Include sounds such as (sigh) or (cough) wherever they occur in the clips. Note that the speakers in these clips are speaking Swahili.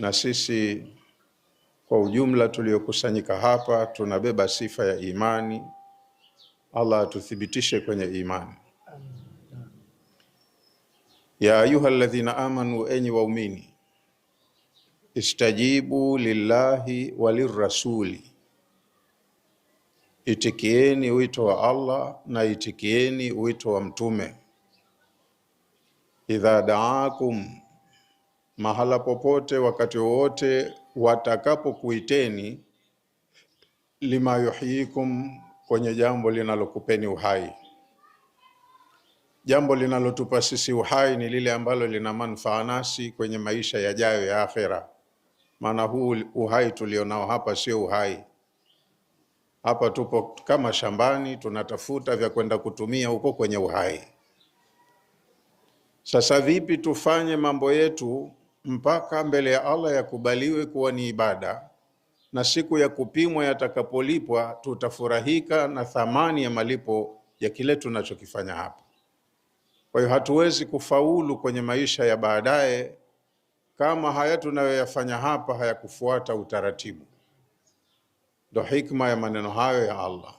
na sisi kwa ujumla tuliokusanyika hapa tunabeba sifa ya imani. Allah atuthibitishe kwenye imani. Ya ayuha alladhina amanu, enyi waumini, istajibu lillahi walirrasuli, itikieni wito wa Allah na itikieni wito wa mtume idha daakum mahala popote, wakati wowote watakapokuiteni, lima yuhyikum, kwenye jambo linalokupeni uhai. Jambo linalotupa sisi uhai ni lile ambalo lina manufaa nasi kwenye maisha yajayo ya akhera. Maana huu uhai tulionao hapa sio uhai. Hapa tupo kama shambani, tunatafuta vya kwenda kutumia huko kwenye uhai. Sasa vipi tufanye mambo yetu mpaka mbele ya Allah yakubaliwe kuwa ni ibada, na siku ya kupimwa yatakapolipwa tutafurahika na thamani ya malipo ya kile tunachokifanya hapa. Kwa hiyo hatuwezi kufaulu kwenye maisha ya baadaye kama haya tunayoyafanya hapa hayakufuata utaratibu. Ndo hikma ya maneno hayo ya Allah.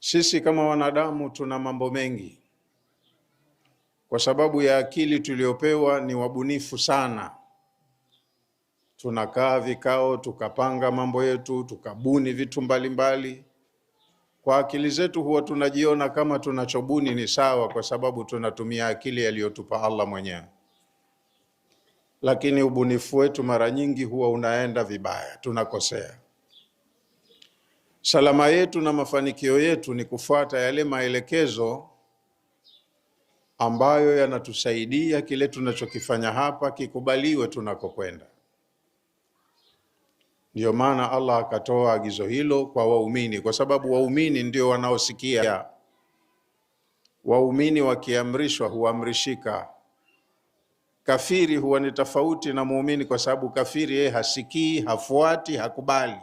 Sisi kama wanadamu tuna mambo mengi kwa sababu ya akili tuliyopewa ni wabunifu sana. Tunakaa vikao tukapanga mambo yetu tukabuni vitu mbalimbali mbali. Kwa akili zetu huwa tunajiona kama tunachobuni ni sawa, kwa sababu tunatumia akili aliyotupa Allah mwenyewe, lakini ubunifu wetu mara nyingi huwa unaenda vibaya, tunakosea. Salama yetu na mafanikio yetu ni kufuata yale maelekezo ambayo yanatusaidia kile tunachokifanya hapa kikubaliwe tunakokwenda. Ndiyo maana Allah akatoa agizo hilo kwa waumini, kwa sababu waumini ndio wanaosikia. Waumini wakiamrishwa huamrishika. Kafiri huwa ni tofauti na muumini, kwa sababu kafiri yeye hasikii, hafuati, hakubali.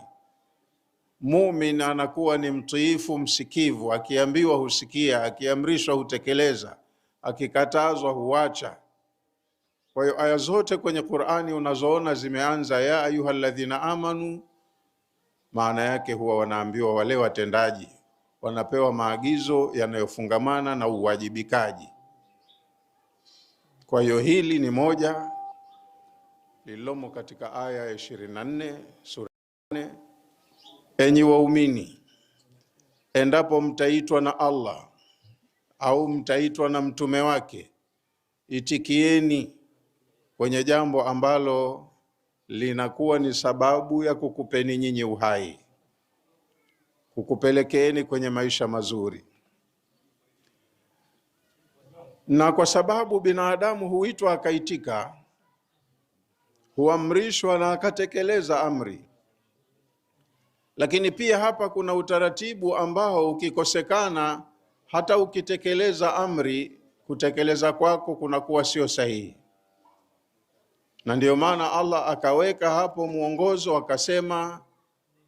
Mumin anakuwa ni mtiifu, msikivu, akiambiwa husikia, akiamrishwa hutekeleza akikatazwa huacha. Kwa hiyo aya zote kwenye Qur'ani unazoona zimeanza ya ayuha alladhina amanu, maana yake huwa wanaambiwa wale watendaji, wanapewa maagizo yanayofungamana na uwajibikaji. Kwa hiyo hili ni moja lililomo katika aya ya 24 sura enyi waumini, endapo mtaitwa na Allah au mtaitwa na mtume wake, itikieni kwenye jambo ambalo linakuwa ni sababu ya kukupeni nyinyi uhai, kukupelekeeni kwenye maisha mazuri. Na kwa sababu binadamu huitwa akaitika, huamrishwa na akatekeleza amri, lakini pia hapa kuna utaratibu ambao ukikosekana hata ukitekeleza amri, kutekeleza kwako kunakuwa sio sahihi. Na ndiyo maana Allah akaweka hapo mwongozo akasema,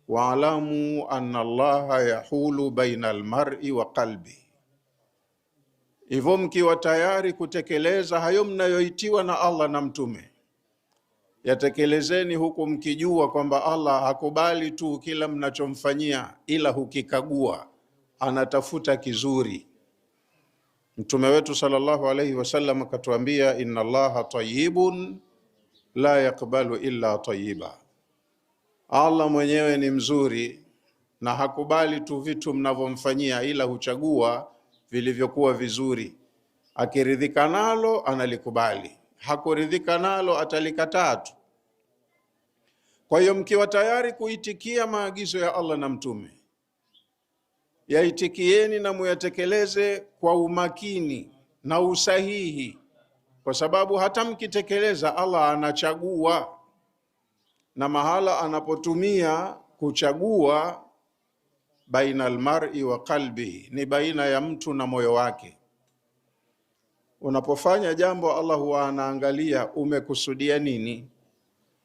waalamu anna Allaha yahulu baina almar'i wa qalbi. Hivyo mkiwa tayari kutekeleza hayo mnayoitiwa na Allah na mtume yatekelezeni huku mkijua kwamba Allah hakubali tu kila mnachomfanyia, ila hukikagua anatafuta kizuri. Mtume wetu sallallahu alayhi wasallam akatuambia, inna allaha tayyibun la yakbalu illa tayyiba, Allah mwenyewe ni mzuri na hakubali tu vitu mnavyomfanyia ila huchagua vilivyokuwa vizuri. Akiridhika nalo analikubali, hakuridhika nalo atalikataa tu. Kwa hiyo mkiwa tayari kuitikia maagizo ya Allah na mtume yaitikieni na muyatekeleze kwa umakini na usahihi, kwa sababu hata mkitekeleza Allah anachagua, na mahala anapotumia kuchagua baina almar'i wa qalbihi, ni baina ya mtu na moyo wake. Unapofanya jambo, Allah huwa anaangalia umekusudia nini,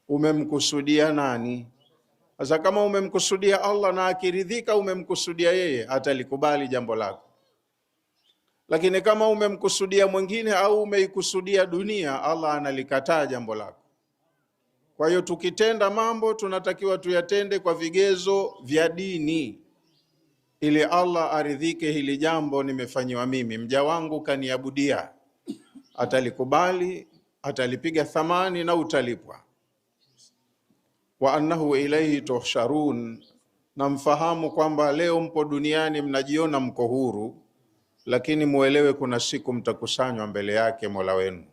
umemkusudia nani sasa kama umemkusudia Allah na akiridhika, umemkusudia yeye, atalikubali jambo lako. Lakini kama umemkusudia mwingine au umeikusudia dunia, Allah analikataa jambo lako. Kwa hiyo tukitenda mambo tunatakiwa tuyatende kwa vigezo vya dini, ili Allah aridhike. Hili jambo nimefanyiwa mimi, mja wangu kaniabudia, atalikubali, atalipiga thamani na utalipwa wa annahu ilaihi tuhsharun, na mfahamu kwamba leo mpo duniani mnajiona mko huru, lakini muelewe kuna siku mtakusanywa mbele yake Mola wenu,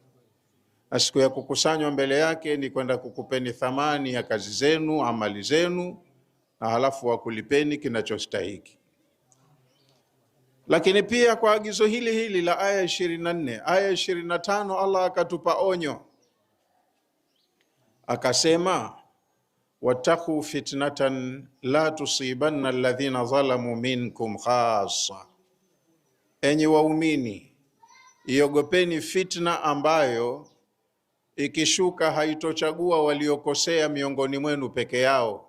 na siku ya kukusanywa mbele yake ni kwenda kukupeni thamani ya kazi zenu, amali zenu, na halafu wakulipeni kinachostahiki. Lakini pia kwa agizo hili hili la aya ishirini na nne aya ishirini na tano Allah akatupa onyo akasema wattaquu fitnatan la tusibanna alladhina zalamu minkum khassa, enyi waumini, iogopeni fitna ambayo ikishuka haitochagua waliokosea miongoni mwenu peke yao.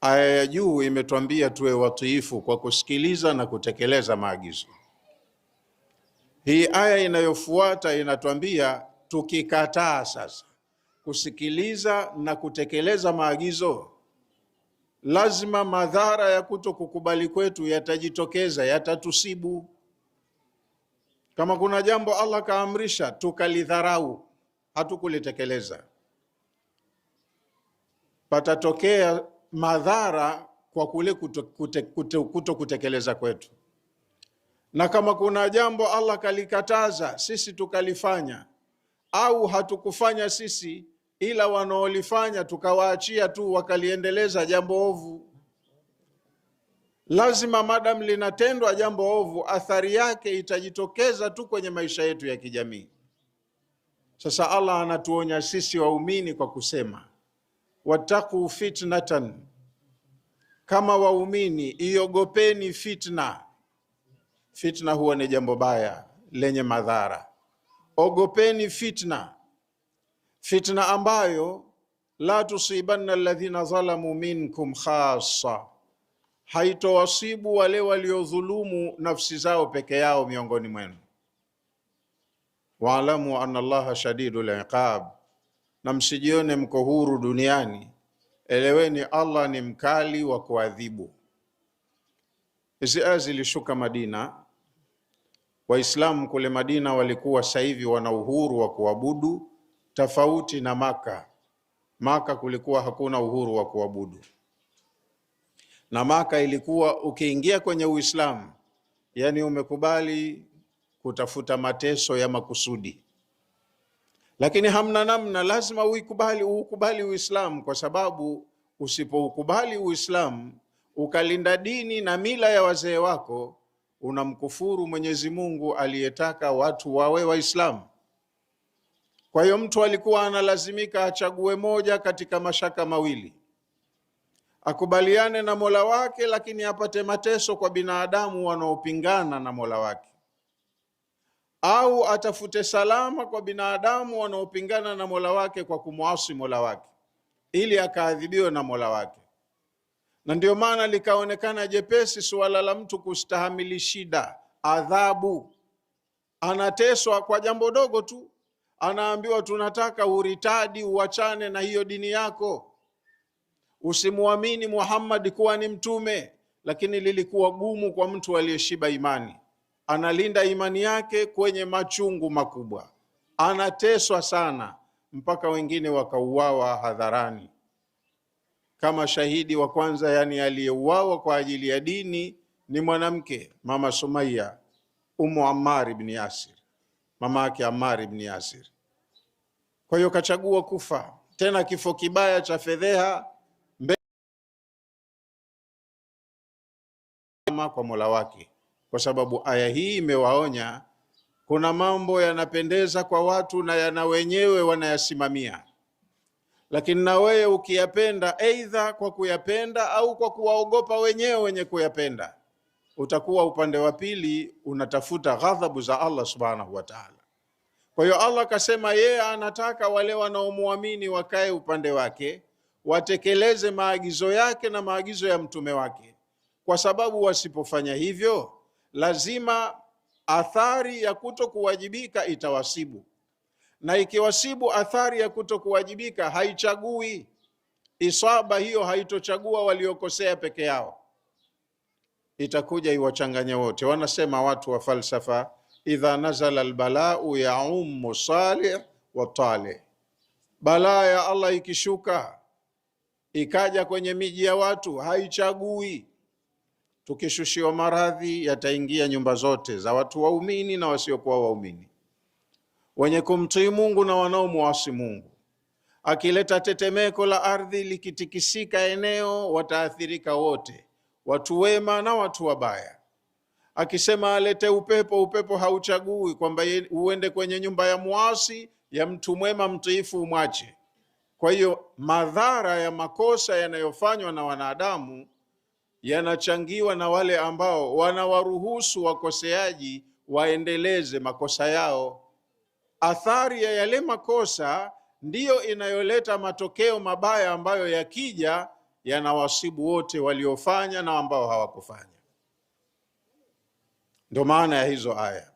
Aya ya juu imetwambia tuwe watiifu kwa kusikiliza na kutekeleza maagizo. Hii aya inayofuata inatwambia Tukikataa sasa kusikiliza na kutekeleza maagizo, lazima madhara ya kuto kukubali kwetu yatajitokeza, yatatusibu. Kama kuna jambo Allah kaamrisha tukalidharau, hatukulitekeleza, patatokea madhara kwa kule kuto, kute, kute, kuto kutekeleza kwetu. Na kama kuna jambo Allah kalikataza sisi tukalifanya au hatukufanya sisi, ila wanaolifanya tukawaachia tu wakaliendeleza jambo ovu. Lazima madam linatendwa jambo ovu, athari yake itajitokeza tu kwenye maisha yetu ya kijamii. Sasa Allah anatuonya sisi waumini kwa kusema wattaqu fitnatan, kama waumini iogopeni fitna. Fitna huwa ni jambo baya lenye madhara ogopeni fitna, fitna ambayo la tusibanna alladhina zalamu minkum khassa, haitowasibu wale waliodhulumu nafsi zao peke yao miongoni mwenu. Waalamu anna Allaha shadidu liqab, na msijione mko huru duniani, eleweni Allah ni mkali wa kuadhibu. Hizi aya zilishuka Madina Waislamu kule Madina walikuwa sasa hivi wana uhuru wa kuabudu tofauti na Maka. Maka kulikuwa hakuna uhuru wa kuabudu, na Maka ilikuwa ukiingia kwenye Uislamu, yani umekubali kutafuta mateso ya makusudi, lakini hamna namna, lazima uikubali, uukubali Uislamu kwa sababu usipoukubali Uislamu ukalinda dini na mila ya wazee wako unamkufuru Mwenyezi Mungu aliyetaka watu wawe Waislamu. Kwa hiyo mtu alikuwa analazimika achague moja katika mashaka mawili, akubaliane na Mola wake, lakini apate mateso kwa binadamu wanaopingana na Mola wake, au atafute salama kwa binadamu wanaopingana na Mola wake kwa kumwasi Mola wake, ili akaadhibiwe na Mola wake na ndio maana likaonekana jepesi suala la mtu kustahamili shida, adhabu. Anateswa kwa jambo dogo tu, anaambiwa tunataka uritadi, uachane na hiyo dini yako, usimwamini Muhammad kuwa ni mtume. Lakini lilikuwa gumu kwa mtu aliyeshiba imani, analinda imani yake kwenye machungu makubwa, anateswa sana mpaka wengine wakauawa hadharani kama shahidi wa kwanza, yani aliyeuawa kwa ajili ya dini ni mwanamke, mama Sumaya umu Ammar ibn Yasir, mama yake Ammar ibn Yasir. Kwa hiyo kachagua kufa, tena kifo kibaya cha fedheha kwa Mola wake, kwa sababu aya hii imewaonya kuna mambo yanapendeza kwa watu na yana wenyewe wanayasimamia lakini na wewe ukiyapenda, aidha kwa kuyapenda au kwa kuwaogopa wenyewe wenye kuyapenda, utakuwa upande wa pili, unatafuta ghadhabu za Allah subhanahu wa ta'ala. Kwa hiyo Allah akasema yeye anataka wale wanaomwamini wakae upande wake, watekeleze maagizo yake na maagizo ya mtume wake, kwa sababu wasipofanya hivyo, lazima athari ya kuto kuwajibika itawasibu na ikiwasibu athari ya kutokuwajibika haichagui. Isaba hiyo haitochagua waliokosea peke yao, itakuja iwachanganya wote. Wanasema watu wa falsafa, idha nazala lbalau yaumu salih wa talih, balaa ya Allah ikishuka ikaja kwenye miji ya watu haichagui. Tukishushiwa maradhi, yataingia nyumba zote za watu waumini na wasiokuwa waumini wenye kumtii Mungu na wanaomwasi Mungu. Akileta tetemeko la ardhi likitikisika eneo, wataathirika wote, watu wema na watu wabaya. Akisema alete upepo, upepo hauchagui kwamba uende kwenye nyumba ya mwasi, ya mtu mwema mtiifu, umwache. Kwa hiyo madhara ya makosa yanayofanywa na wanadamu yanachangiwa na wale ambao wanawaruhusu wakoseaji waendeleze makosa yao athari ya yale makosa ndiyo inayoleta matokeo mabaya ambayo yakija yanawasibu wote waliofanya na ambao hawakufanya. Ndio maana ya hizo aya.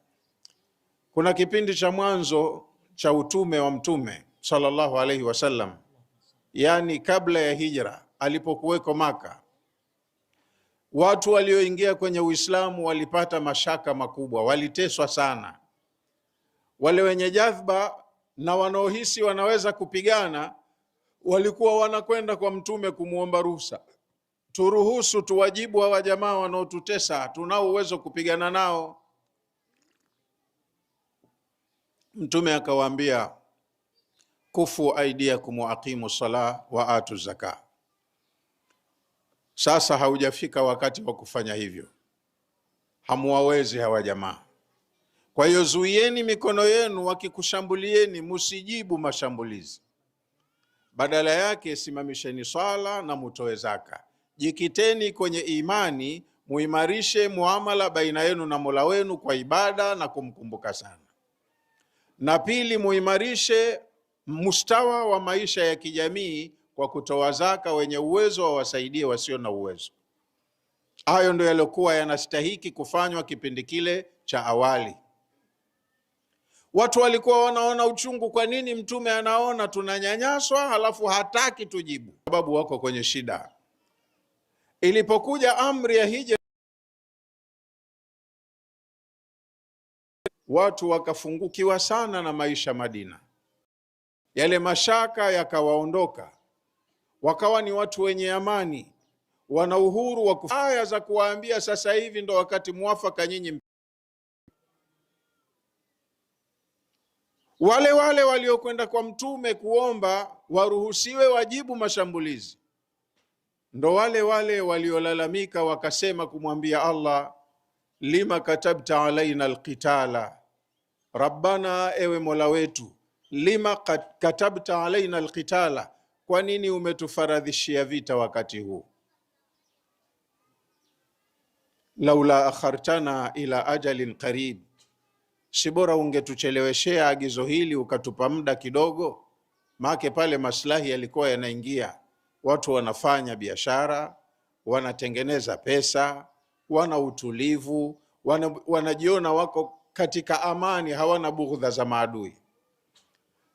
Kuna kipindi cha mwanzo cha utume wa Mtume sallallahu alaihi wasallam, yani kabla ya hijra, alipokuweko Maka, watu walioingia kwenye Uislamu walipata mashaka makubwa, waliteswa sana wale wenye jadhba na wanaohisi wanaweza kupigana walikuwa wanakwenda kwa Mtume kumwomba ruhusa, turuhusu tuwajibu hawa jamaa wanaotutesa, tunao uwezo kupigana nao. Mtume akawaambia kufu aidiakum waaqimu sala wa atu zaka. Sasa haujafika wakati wa kufanya hivyo, hamuwawezi hawa jamaa. Kwa hiyo zuieni mikono yenu, wakikushambulieni musijibu mashambulizi, badala yake simamisheni swala na mutoe zaka. Jikiteni kwenye imani, muimarishe muamala baina yenu na Mola wenu kwa ibada na kumkumbuka sana. Na pili, muimarishe mustawa wa maisha ya kijamii kwa kutoa zaka, wenye uwezo wawasaidie wasio na uwezo. Hayo ndio yaliyokuwa yanastahiki kufanywa kipindi kile cha awali. Watu walikuwa wanaona uchungu. Kwa nini mtume anaona tunanyanyaswa halafu hataki tujibu? Sababu wako kwenye shida. Ilipokuja amri ya hija, watu wakafungukiwa sana na maisha Madina, yale mashaka yakawaondoka, wakawa ni watu wenye amani, wana uhuru wa aya za kuwaambia sasa hivi ndo wakati mwafaka nyinyi Wale wale waliokwenda kwa mtume kuomba waruhusiwe wajibu mashambulizi, ndo wale wale waliolalamika wakasema kumwambia Allah, lima katabta alaina alqitala, rabbana, ewe mola wetu, lima katabta alaina alqitala, kwa nini umetufaradhishia vita wakati huu? laula akhartana ila ajalin qarib si bora ungetucheleweshea agizo hili ukatupa muda kidogo? Maake pale maslahi yalikuwa yanaingia, watu wanafanya biashara, wanatengeneza pesa, wana utulivu, wana, wanajiona wako katika amani, hawana bughdha za maadui.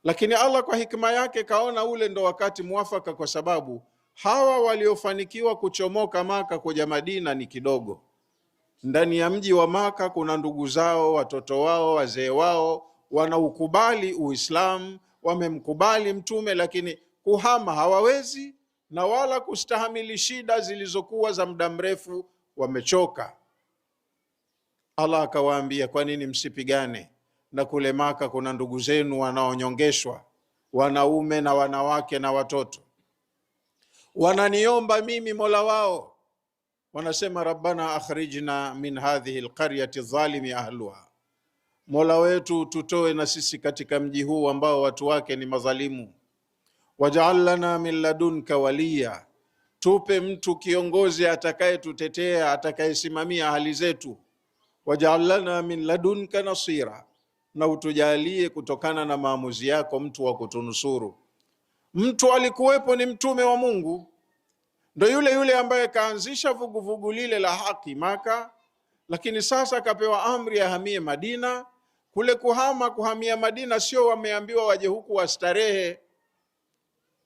Lakini Allah kwa hikma yake kaona ule ndo wakati mwafaka, kwa sababu hawa waliofanikiwa kuchomoka Maka kuja Madina ni kidogo ndani ya mji wa Maka kuna ndugu zao, watoto wao, wazee wao wanaukubali Uislamu, wamemkubali Mtume, lakini kuhama hawawezi na wala kustahamili shida zilizokuwa za muda mrefu, wamechoka. Allah akawaambia, kwa nini msipigane? Na kule Maka kuna ndugu zenu wanaonyongeshwa, wanaume na wanawake na watoto, wananiomba mimi mola wao wanasema rabbana akhrijna min hadhihi lqaryati dhalimi ahluha, mola wetu tutoe na sisi katika mji huu ambao watu wake ni madhalimu. wajal lana min ladunka waliya, tupe mtu kiongozi atakayetutetea atakayesimamia hali zetu. wajal lana min ladunka nasira, na utujalie kutokana na maamuzi yako mtu wa kutunusuru. Mtu alikuwepo ni mtume wa Mungu ndo yule yule ambaye kaanzisha vuguvugu lile la haki Maka, lakini sasa akapewa amri ahamie Madina. Kule kuhama kuhamia Madina sio wameambiwa waje huku wastarehe.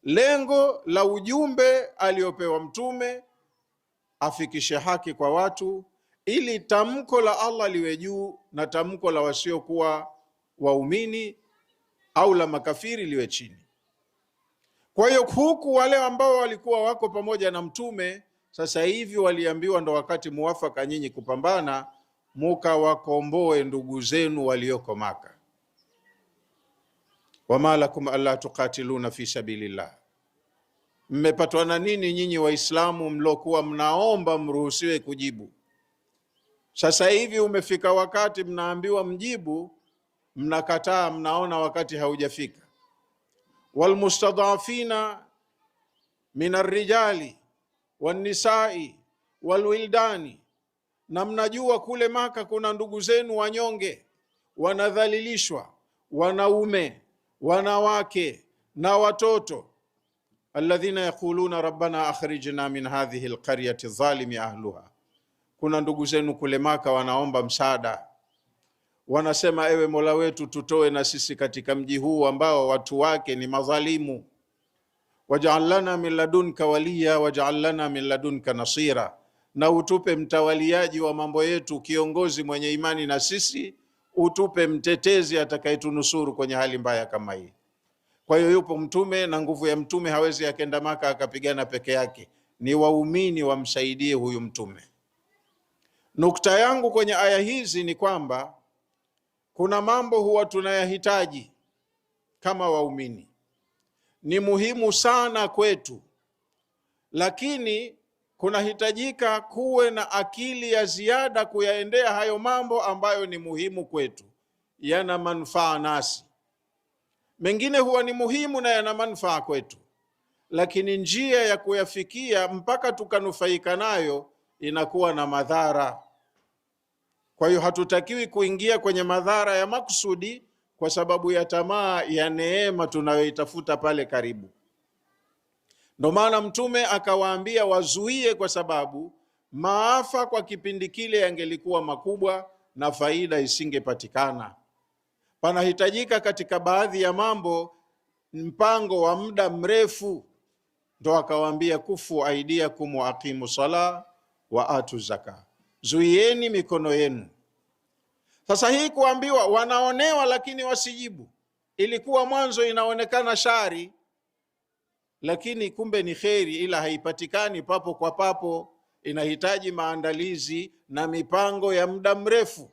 Lengo la ujumbe aliopewa Mtume afikishe haki kwa watu, ili tamko la Allah liwe juu na tamko la wasiokuwa waumini au la makafiri liwe chini. Kwa hiyo huku wale ambao walikuwa wako pamoja na mtume sasa hivi waliambiwa ndo wakati muwafaka nyinyi kupambana, mukawakomboe ndugu zenu walioko Maka. Wama lakum alla tuqatiluna fi sabilillah, mmepatwa na nini nyinyi Waislamu mlokuwa mnaomba mruhusiwe kujibu? Sasa hivi umefika wakati mnaambiwa mjibu, mnakataa, mnaona wakati haujafika walmustadhafina min arrijali wannisai walwildani, na mnajua kule Maka kuna ndugu zenu wanyonge wanadhalilishwa, wanaume, wanawake na watoto. Alladhina yaquluna rabbana akhrijna min hadhihi alqaryati zalimi ahluha, kuna ndugu zenu kule Maka wanaomba msaada wanasema, ewe Mola wetu, tutoe na sisi katika mji huu ambao watu wake ni madhalimu. Waj'al lana min ladunka waliya waj'al lana min ladunka nasira, na utupe mtawaliaji wa mambo yetu, kiongozi mwenye imani na sisi, utupe mtetezi atakayetunusuru kwenye hali mbaya kama hii. Kwa hiyo yupo mtume na nguvu ya mtume hawezi akenda Maka akapigana peke yake, ni waumini wamsaidie huyu mtume. Nukta yangu kwenye aya hizi ni kwamba kuna mambo huwa tunayahitaji kama waumini, ni muhimu sana kwetu, lakini kunahitajika kuwe na akili ya ziada kuyaendea hayo mambo ambayo ni muhimu kwetu, yana manufaa nasi. Mengine huwa ni muhimu na yana manufaa kwetu, lakini njia ya kuyafikia mpaka tukanufaika nayo inakuwa na madhara. Kwa hiyo hatutakiwi kuingia kwenye madhara ya makusudi kwa sababu ya tamaa ya neema tunayoitafuta pale karibu. Ndo maana Mtume akawaambia wazuie, kwa sababu maafa kwa kipindi kile yangelikuwa makubwa na faida isingepatikana. Panahitajika katika baadhi ya mambo mpango wa muda mrefu, ndo akawaambia kufu aidiakum waaqimu sala wa atu zakaa zuieni mikono yenu. Sasa hii kuambiwa wanaonewa lakini wasijibu, ilikuwa mwanzo inaonekana shari, lakini kumbe ni kheri, ila haipatikani papo kwa papo, inahitaji maandalizi na mipango ya muda mrefu.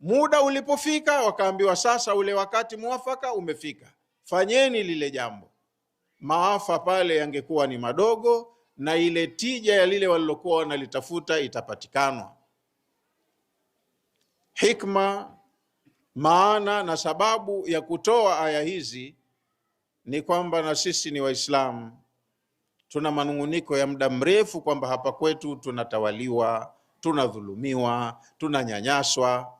Muda ulipofika, wakaambiwa sasa ule wakati mwafaka umefika, fanyeni lile jambo. Maafa pale yangekuwa ni madogo na ile tija ya lile walilokuwa wanalitafuta itapatikanwa Hikma, maana na sababu ya kutoa aya hizi ni kwamba na sisi ni Waislamu, tuna manung'uniko ya muda mrefu kwamba hapa kwetu tunatawaliwa, tunadhulumiwa, tunanyanyaswa.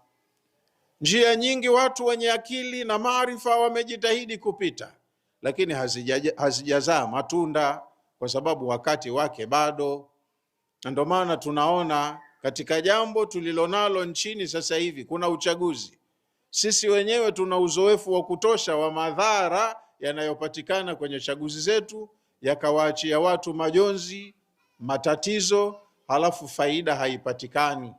Njia nyingi watu wenye akili na maarifa wamejitahidi kupita, lakini hazijazaa matunda kwa sababu wakati wake bado. Na ndio maana tunaona katika jambo tulilonalo nchini sasa hivi kuna uchaguzi. Sisi wenyewe tuna uzoefu wa kutosha wa madhara yanayopatikana kwenye chaguzi zetu, yakawaachia watu majonzi, matatizo, halafu faida haipatikani.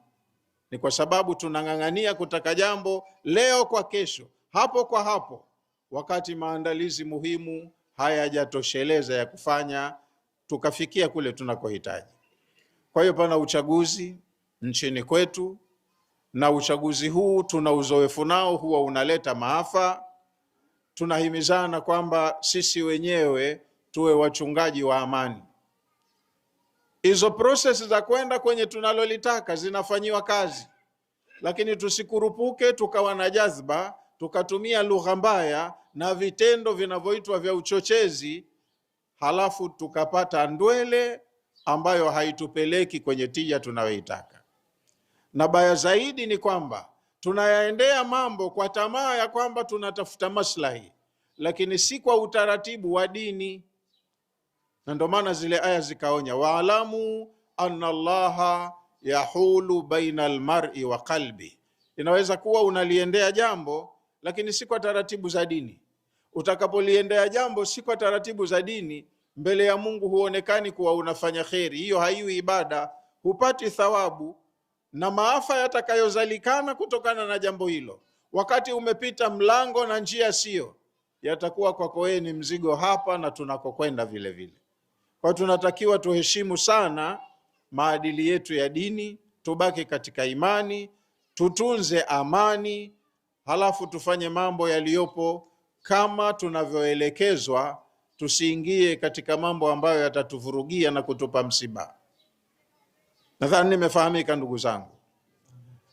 Ni kwa sababu tunang'ang'ania kutaka jambo leo kwa kesho, hapo kwa hapo, wakati maandalizi muhimu hayajatosheleza ya kufanya tukafikia kule tunakohitaji. Kwa hiyo pana uchaguzi nchini kwetu, na uchaguzi huu tuna uzoefu nao, huwa unaleta maafa. Tunahimizana kwamba sisi wenyewe tuwe wachungaji wa amani. Hizo prosesi za kwenda kwenye tunalolitaka zinafanyiwa kazi, lakini tusikurupuke tukawa na jazba tukatumia lugha mbaya na vitendo vinavyoitwa vya uchochezi halafu tukapata ndwele ambayo haitupeleki kwenye tija tunayoitaka. Na baya zaidi ni kwamba tunayaendea mambo kwa tamaa ya kwamba tunatafuta maslahi, lakini si kwa utaratibu wa dini. Na ndio maana zile aya zikaonya, waalamu anna allaha yahulu baina almar'i wa qalbi. Inaweza kuwa unaliendea jambo, lakini si kwa taratibu za dini utakapoliendea jambo si kwa taratibu za dini, mbele ya Mungu huonekani kuwa unafanya kheri. Hiyo haiwi ibada, hupati thawabu na maafa yatakayozalikana kutokana na jambo hilo, wakati umepita mlango na njia sio yatakuwa kwako yeye ni mzigo hapa na tunakokwenda vile vile. Kwa tunatakiwa tuheshimu sana maadili yetu ya dini, tubaki katika imani, tutunze amani, halafu tufanye mambo yaliyopo kama tunavyoelekezwa, tusiingie katika mambo ambayo yatatuvurugia na kutupa msiba. Nadhani nimefahamika ndugu zangu.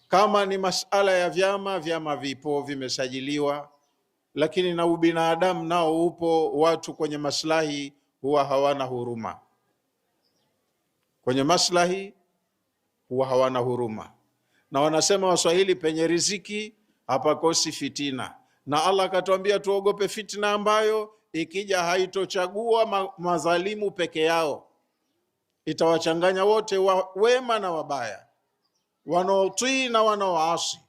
Kama ni masala ya vyama, vyama vipo, vimesajiliwa, lakini na ubinadamu nao upo. Watu kwenye maslahi huwa hawana huruma, kwenye maslahi huwa hawana huruma, na wanasema Waswahili, penye riziki hapakosi fitina na Allah akatuambia tuogope fitna ambayo ikija haitochagua ma mazalimu peke yao, itawachanganya wote wa wema na wabaya, wanaotii na wanaoasi.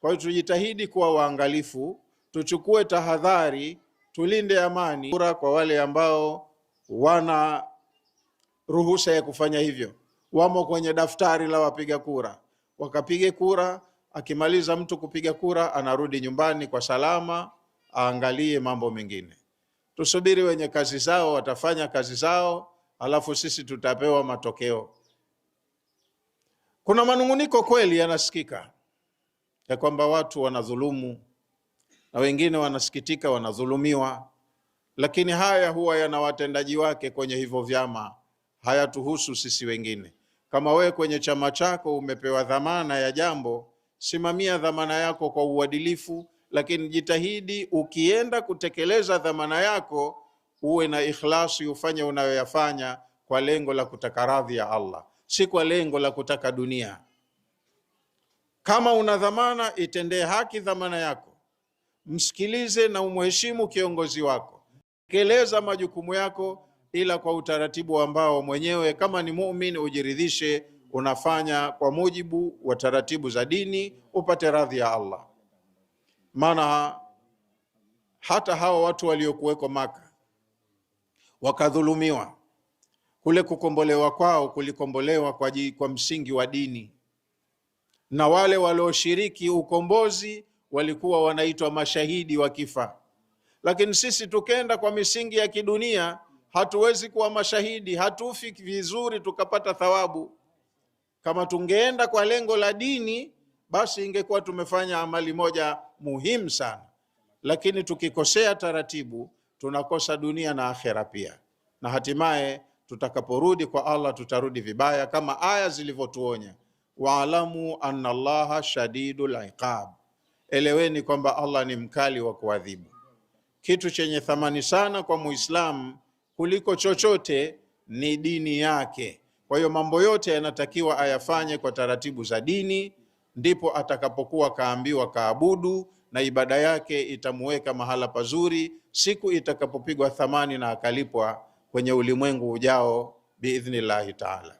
Kwa hiyo tujitahidi kuwa waangalifu, tuchukue tahadhari, tulinde amani kwa wale ambao wana ruhusa ya kufanya hivyo, wamo kwenye daftari la wapiga kura, wakapige kura. Akimaliza mtu kupiga kura, anarudi nyumbani kwa salama, aangalie mambo mengine. Tusubiri wenye kazi zao watafanya kazi zao, alafu sisi tutapewa matokeo. Kuna manung'uniko kweli yanasikika ya kwamba watu wanadhulumu na wengine wanasikitika wanadhulumiwa, lakini haya huwa yana watendaji wake kwenye hivyo vyama, hayatuhusu sisi wengine. Kama wewe kwenye chama chako umepewa dhamana ya jambo simamia dhamana yako kwa uadilifu, lakini jitahidi ukienda kutekeleza dhamana yako uwe na ikhlasi, ufanye unayoyafanya kwa lengo la kutaka radhi ya Allah, si kwa lengo la kutaka dunia. Kama una dhamana, itendee haki dhamana yako, msikilize na umheshimu kiongozi wako, tekeleza majukumu yako, ila kwa utaratibu ambao mwenyewe kama ni muumini ujiridhishe unafanya kwa mujibu wa taratibu za dini upate radhi ya Allah. Maana hata hawa watu waliokuweko Maka wakadhulumiwa, kule kukombolewa kwao kulikombolewa kwa, kwa msingi wa dini, na wale walioshiriki ukombozi walikuwa wanaitwa mashahidi wa kifa. Lakini sisi tukenda kwa misingi ya kidunia, hatuwezi kuwa mashahidi, hatufi vizuri tukapata thawabu. Kama tungeenda kwa lengo la dini, basi ingekuwa tumefanya amali moja muhimu sana, lakini tukikosea taratibu, tunakosa dunia na akhera pia, na hatimaye tutakaporudi kwa Allah tutarudi vibaya, kama aya zilivyotuonya, waalamu anna Allaha shadidul iqab, eleweni kwamba Allah ni mkali wa kuadhibu. Kitu chenye thamani sana kwa Muislamu kuliko chochote ni dini yake. Kwa hiyo mambo yote yanatakiwa ayafanye kwa taratibu za dini, ndipo atakapokuwa kaambiwa kaabudu na ibada yake itamuweka mahala pazuri siku itakapopigwa thamani na akalipwa kwenye ulimwengu ujao biidhnillahi taala.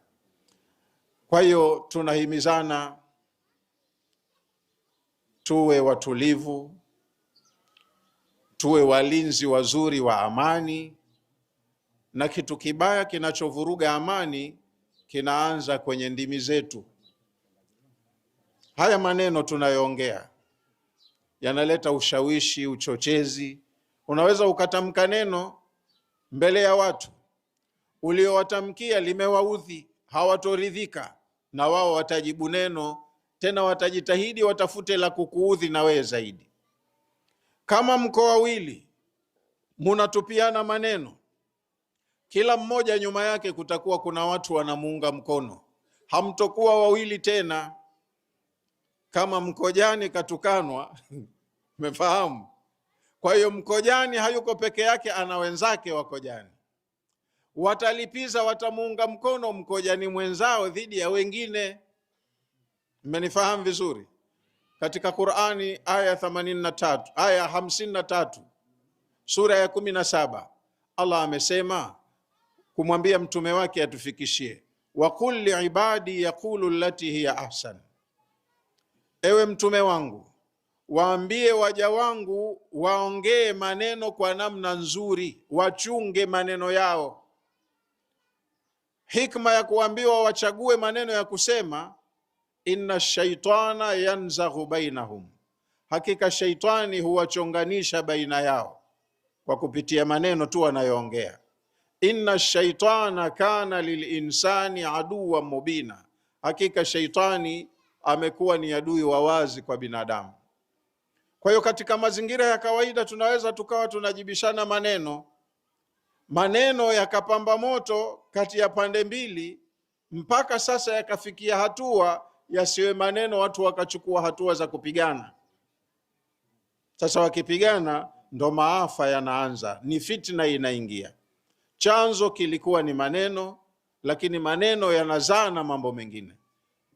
Kwa hiyo tunahimizana tuwe watulivu, tuwe walinzi wazuri wa amani, na kitu kibaya kinachovuruga amani kinaanza kwenye ndimi zetu. Haya maneno tunayoongea yanaleta ushawishi, uchochezi. Unaweza ukatamka neno mbele ya watu uliowatamkia limewaudhi, hawatoridhika na wao watajibu neno tena, watajitahidi watafute la kukuudhi na wewe zaidi. Kama mko wawili munatupiana maneno kila mmoja nyuma yake kutakuwa kuna watu wanamuunga mkono, hamtokuwa wawili tena. Kama Mkojani katukanwa, umefahamu? (laughs) Kwa hiyo Mkojani hayuko peke yake, ana wenzake Wakojani watalipiza, watamuunga mkono Mkojani mwenzao dhidi ya wengine. Mmenifahamu vizuri? Katika Qur'ani aya 83 aya 53 sura ya 17 Allah amesema kumwambia mtume wake atufikishie, waqul liibadi yaqulu allati hiya ahsan, ewe mtume wangu waambie waja wangu waongee maneno kwa namna nzuri, wachunge maneno yao. Hikma ya kuambiwa wachague maneno ya kusema, inna shaitana yanzaghu bainahum, hakika shaitani huwachonganisha baina yao kwa kupitia maneno tu wanayoongea inna shaitana kana lilinsani aduwa mubina, hakika shaitani amekuwa ni adui wa wazi kwa binadamu. Kwa hiyo katika mazingira ya kawaida tunaweza tukawa tunajibishana maneno, maneno yakapamba moto kati ya pande mbili, mpaka sasa yakafikia hatua yasiwe maneno, watu wakachukua hatua za kupigana. Sasa wakipigana, ndo maafa yanaanza, ni fitna inaingia. Chanzo kilikuwa ni maneno, lakini maneno yanazaa na mambo mengine.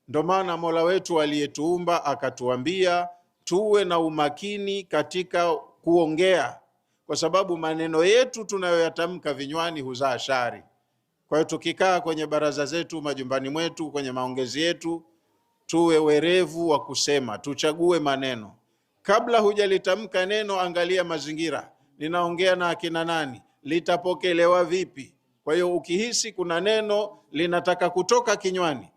Ndo maana Mola wetu aliyetuumba akatuambia tuwe na umakini katika kuongea, kwa sababu maneno yetu tunayoyatamka vinywani huzaa shari. Kwa hiyo tukikaa kwenye baraza zetu, majumbani mwetu, kwenye maongezi yetu, tuwe werevu wa kusema, tuchague maneno. Kabla hujalitamka neno, angalia mazingira, ninaongea na akina nani? litapokelewa vipi. Kwa hiyo ukihisi kuna neno linataka kutoka kinywani,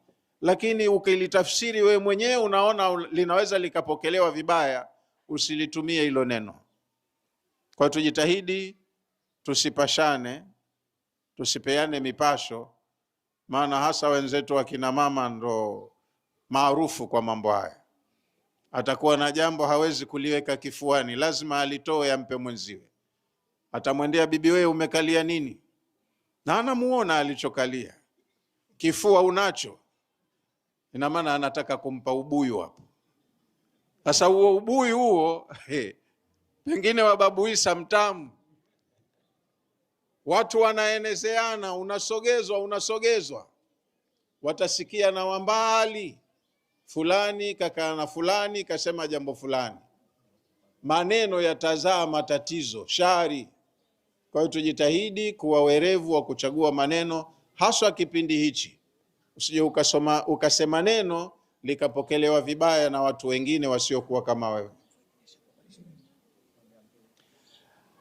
lakini ukilitafsiri wewe mwenyewe unaona linaweza likapokelewa vibaya, usilitumie hilo neno. Kwa tujitahidi tusipashane, tusipeane mipasho, maana hasa wenzetu kina mama ndo maarufu kwa mambo haya. Atakuwa na jambo hawezi kuliweka kifuani, lazima alitoe ampe mwenziwe. Atamwendea bibi, wewe umekalia nini? Na anamuona alichokalia, kifua unacho. Ina maana anataka kumpa ubuyu hapo. Sasa huo ubuyu huo pengine wa Babu Isa mtamu, watu wanaenezeana, unasogezwa unasogezwa, watasikia na wambali fulani kakaa na fulani kasema jambo fulani, maneno yatazaa matatizo, shari kwa hiyo tujitahidi kuwa werevu wa kuchagua maneno, haswa kipindi hichi. Usije ukasoma ukasema neno likapokelewa vibaya na watu wengine wasiokuwa kama wewe.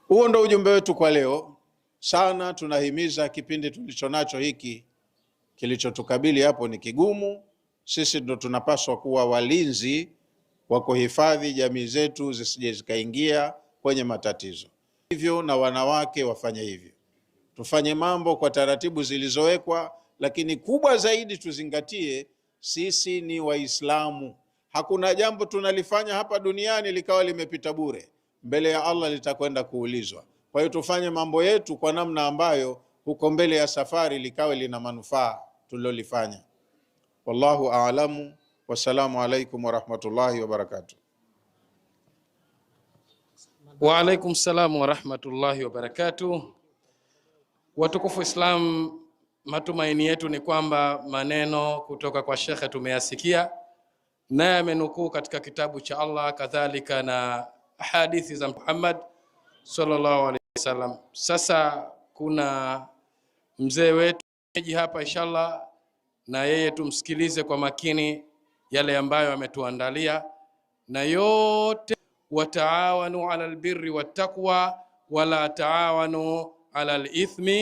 Huo ndo ujumbe wetu kwa leo. Sana tunahimiza kipindi tulicho nacho hiki, kilichotukabili hapo ni kigumu. Sisi ndo tunapaswa kuwa walinzi wa kuhifadhi jamii zetu zisije zikaingia kwenye matatizo hivyo na wanawake wafanye hivyo. Tufanye mambo kwa taratibu zilizowekwa, lakini kubwa zaidi tuzingatie, sisi ni Waislamu. Hakuna jambo tunalifanya hapa duniani likawa limepita bure, mbele ya Allah litakwenda kuulizwa. Kwa hiyo tufanye mambo yetu kwa namna ambayo huko mbele ya safari likawe lina manufaa tulilolifanya. Wallahu aalamu. Wassalamu alaikum warahmatullahi wabarakatuh. Wa alaikum salamu wa rahmatullahi wa barakatuh. Watukufu Islam, matumaini yetu ni kwamba maneno kutoka kwa shekhe tumeyasikia, naye amenukuu katika kitabu cha Allah, kadhalika na hadithi za Muhammad sallallahu alaihi wasallam. Sasa kuna mzee wetu eji hapa, inshallah na yeye tumsikilize kwa makini yale ambayo ametuandalia na yote wataawanu ala albirri wattaqwa wala taawanu ala alithmi